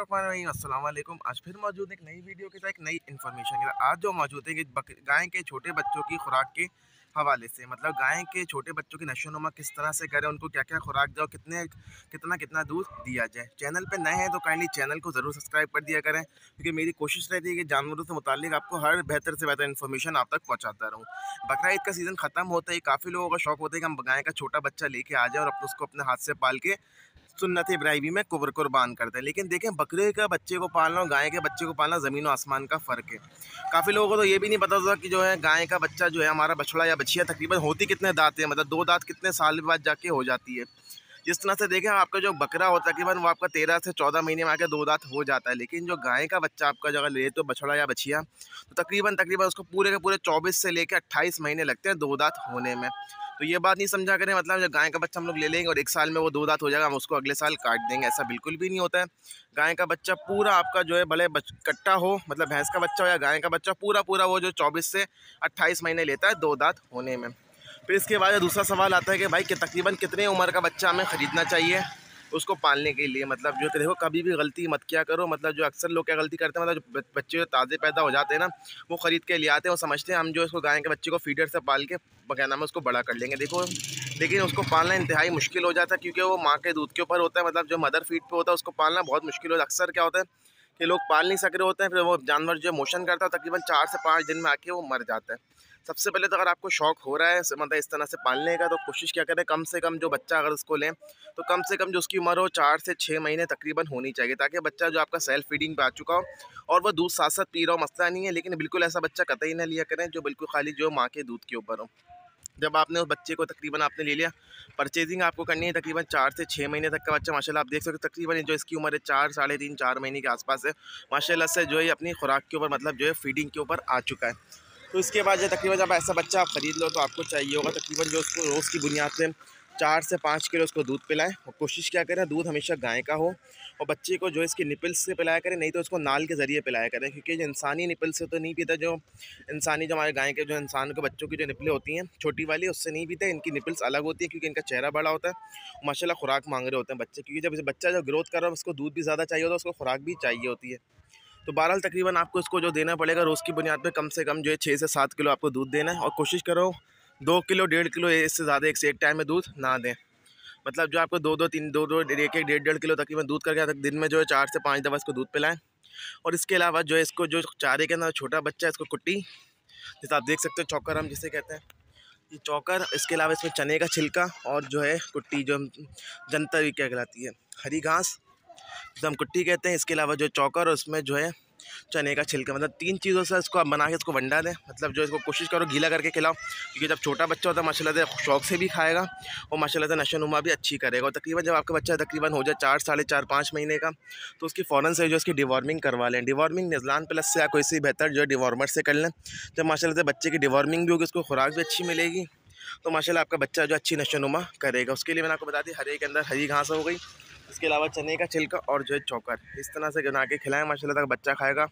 असलम आज फिर मौजूद है एक नई वीडियो के साथ एक नई इन्फॉर्मेशन के साथ आज जो मौजूद है कि गाय के छोटे बच्चों की खुराक के हवाले से मतलब गाय के छोटे बच्चों की नशोनुमा किस तरह से करें उनको क्या क्या खुराक दो कितने कितना कितना दूध दिया जाए चैनल पर नए हैं तो काइंडली चैनल को ज़रूर सब्सक्राइब कर दिया करें क्योंकि मेरी कोशिश रहती है कि जानवरों से मुतलिक आपको हर बेहतर से बेहतर इन्फॉर्मेशन आप तक पहुँचाता रहूँ बकरा ईद का सीज़न ख़त्म होता है काफ़ी लोगों का शौक होता है कि हम गाय का छोटा बच्चा लेके आ जाए और अपने उसको अपने हाथ से पाल के सुन्नत इब्राहिमी में कुबर कुर्बान करते हैं लेकिन देखें बकरे का बच्चे को पालना और गाय के बच्चे को पालना ज़मीन और आसमान का फ़र्क है काफ़ी लोगों को तो ये भी नहीं पता होता कि जो है गाय का बच्चा जो है हमारा बछड़ा या बछिया तकरीबन होती कितने दाँत है मतलब दो दाँत कितने साल बाद जाके हो जाती है जिस तरह से देखें आपका जो बकरा होता है तकरीबन वो आपका तेरह से चौदह महीने में आके दो दांत हो जाता है लेकिन जो गाय का बच्चा आपका जो अगर ले तो बछड़ा या बछिया तो तकरीबन तकरीबन उसको पूरे के पूरे चौबीस से लेकर अट्ठाईस महीने लगते हैं दो दांत होने में तो ये बात नहीं समझा करें मतलब जब गाय का बच्चा हम लोग ले लेंगे और एक साल में वो दो दांत हो जाएगा हम उसको अगले साल काट देंगे ऐसा बिल्कुल भी नहीं होता है गाय का बच्चा पूरा आपका जो है भले कट्टा हो मतलब भैंस का बच्चा हो या गाय का बच्चा पूरा पूरा वो जो चौबीस से अट्ठाईस महीने लेता है दो दांत होने में फिर इसके बाद दूसरा सवाल आता है कि भाई कि तकरीबन कितने उम्र का बच्चा हमें ख़रीदना चाहिए उसको पालने के लिए मतलब जो देखो कभी भी गलती मत किया करो मतलब जो अक्सर लोग क्या गलती करते हैं मतलब जो बच्चे जो ताज़े पैदा हो जाते हैं ना वो ख़रीद के ले आते हैं और समझते हैं हम जो इसको गाय के बच्चे को फीडर से पाल के क्या नाम है उसको बड़ा कर लेंगे देखो लेकिन उसको पालना इंतहाई मुश्किल हो जाता है क्योंकि वो माँ के दूध के ऊपर होता है मतलब जो मदर फीड पर होता है उसको पालना बहुत मुश्किल होता है अक्सर क्या होता है कि लोग पाल नहीं सक रहे होते हैं फिर वो जानवर जो मोशन करता है तकरीबन चार से पाँच दिन में आके वो मर जाता है सबसे पहले तो अगर आपको शौक हो रहा है मतलब इस तरह से पालने का तो कोशिश क्या करें कम से कम जो बच्चा अगर उसको लें तो कम से कम जो उसकी उम्र हो चार से छः महीने तकरीबन होनी चाहिए ताकि बच्चा जो आपका सेल्फ फीडिंग पर आ चुका हो और वह दूध साथ साथ पी रहा हो मसला नहीं है लेकिन बिल्कुल ऐसा बच्चा कतई ना लिया करें जो बिल्कुल खाली जो माँ के दूध के ऊपर हो जब आपने उस बच्चे को तकरीबन आपने ले लिया परचेजिंग आपको करनी है तकरीबन चार से छः महीने तक का बच्चा माशाल्लाह आप देख सकते हो तकरीबन जो इसकी उम्र है चार साढ़े तीन चार महीने के आसपास है माशाल्लाह से जो है अपनी खुराक के ऊपर मतलब जो है फीडिंग के ऊपर आ चुका है तो इसके बाद जब तकरीबन जब ऐसा बच्चा आप ख़रीद लो तो आपको चाहिए होगा तकरीबन जो उसको रोज़ की बुनियाद में चार से पाँच किलो उसको दूध पिलाएं और कोशिश क्या करें दूध हमेशा गाय का हो और बच्चे को जो इसके निपल्स से पिलाया करें नहीं तो उसको नाल के ज़रिए पिलाया करें क्योंकि जो इंसानी निपल से तो नहीं पीता जो इंसानी जो हमारे गाय के जो इंसान के बच्चों की जो निपलें होती हैं छोटी वाली उससे नहीं पीते इनकी निपल्स अलग होती है क्योंकि इनका चेहरा बड़ा होता है माशाला खुराक मांग रहे होते हैं बच्चे क्योंकि जब बच्चा जो ग्रोथ कर रहा है उसको दूध भी ज़्यादा चाहिए होता है उसको खुराक भी चाहिए होती है तो बहरहाल तकरीबन आपको इसको जो देना पड़ेगा रोज़ की बुनियाद पर कम से कम जो है छः से सात किलो आपको दूध देना है और कोशिश करो दो किलो डेढ़ किलो इससे ज़्यादा एक से एक टाइम में दूध ना दें मतलब जो आपको दो दो तीन दो दो एक एक डेढ़ डेढ़ किलो तकरीबन दूध करके तक दिन में जो है चार से पाँच दफ़ा इसको दूध पिलाएं और इसके अलावा जो है इसको जो चारे के अंदर छोटा बच्चा है इसको कुट्टी जैसे आप देख सकते हो चौकर हम जिसे कहते हैं ये चौकर इसके अलावा इसमें चने का छिलका और जो है कुट्टी जो जनता भी क्या कहलाती है हरी घास जिसे तो हम कुट्टी कहते हैं इसके अलावा जो चौकर और उसमें जो है चने का छिलका मतलब तीन चीज़ों से इसको आप बना के इसको वंडा दें मतलब जो इसको कोशिश करो गीला करके खिलाओ क्योंकि जब छोटा बच्चा होता है माशाल्लाह से शौक से भी खाएगा और माशाल्लाह से नशोनुमा भी अच्छी करेगा और तकरीबन जब आपका बच्चा तकरीबन हो जाए चार साढ़े चार पाँच महीने का तो उसकी फ़ौरन से जो इसकी डिवॉर्मिंग करवा लें डिवॉर्मिंग नजलान प्लस से या कोई सी बेहतर जो है डिवॉर्मर से कर लें जब तो माशाला से बच्चे की डिवॉर्मिंग भी होगी उसको खुराक भी अच्छी मिलेगी तो माशाला आपका बच्चा जो अच्छी नशोनुमा करेगा उसके लिए मैंने आपको बता दी हरे के अंदर हरी घास हो गई इसके अलावा चने का छिलका और जो है चौकर इस तरह से बना के खिलाएं माशाल्लाह तक बच्चा खाएगा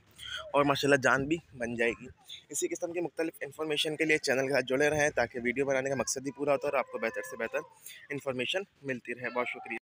और माशाल्लाह जान भी बन जाएगी इसी किस्म की मुख्तलिफ इन्फॉर्मेशन के लिए चैनल के साथ जुड़े रहें ताकि वीडियो बनाने का मकसद भी पूरा होता है और आपको बेहतर से बेहतर इन्फॉर्मेशन मिलती रहे बहुत शुक्रिया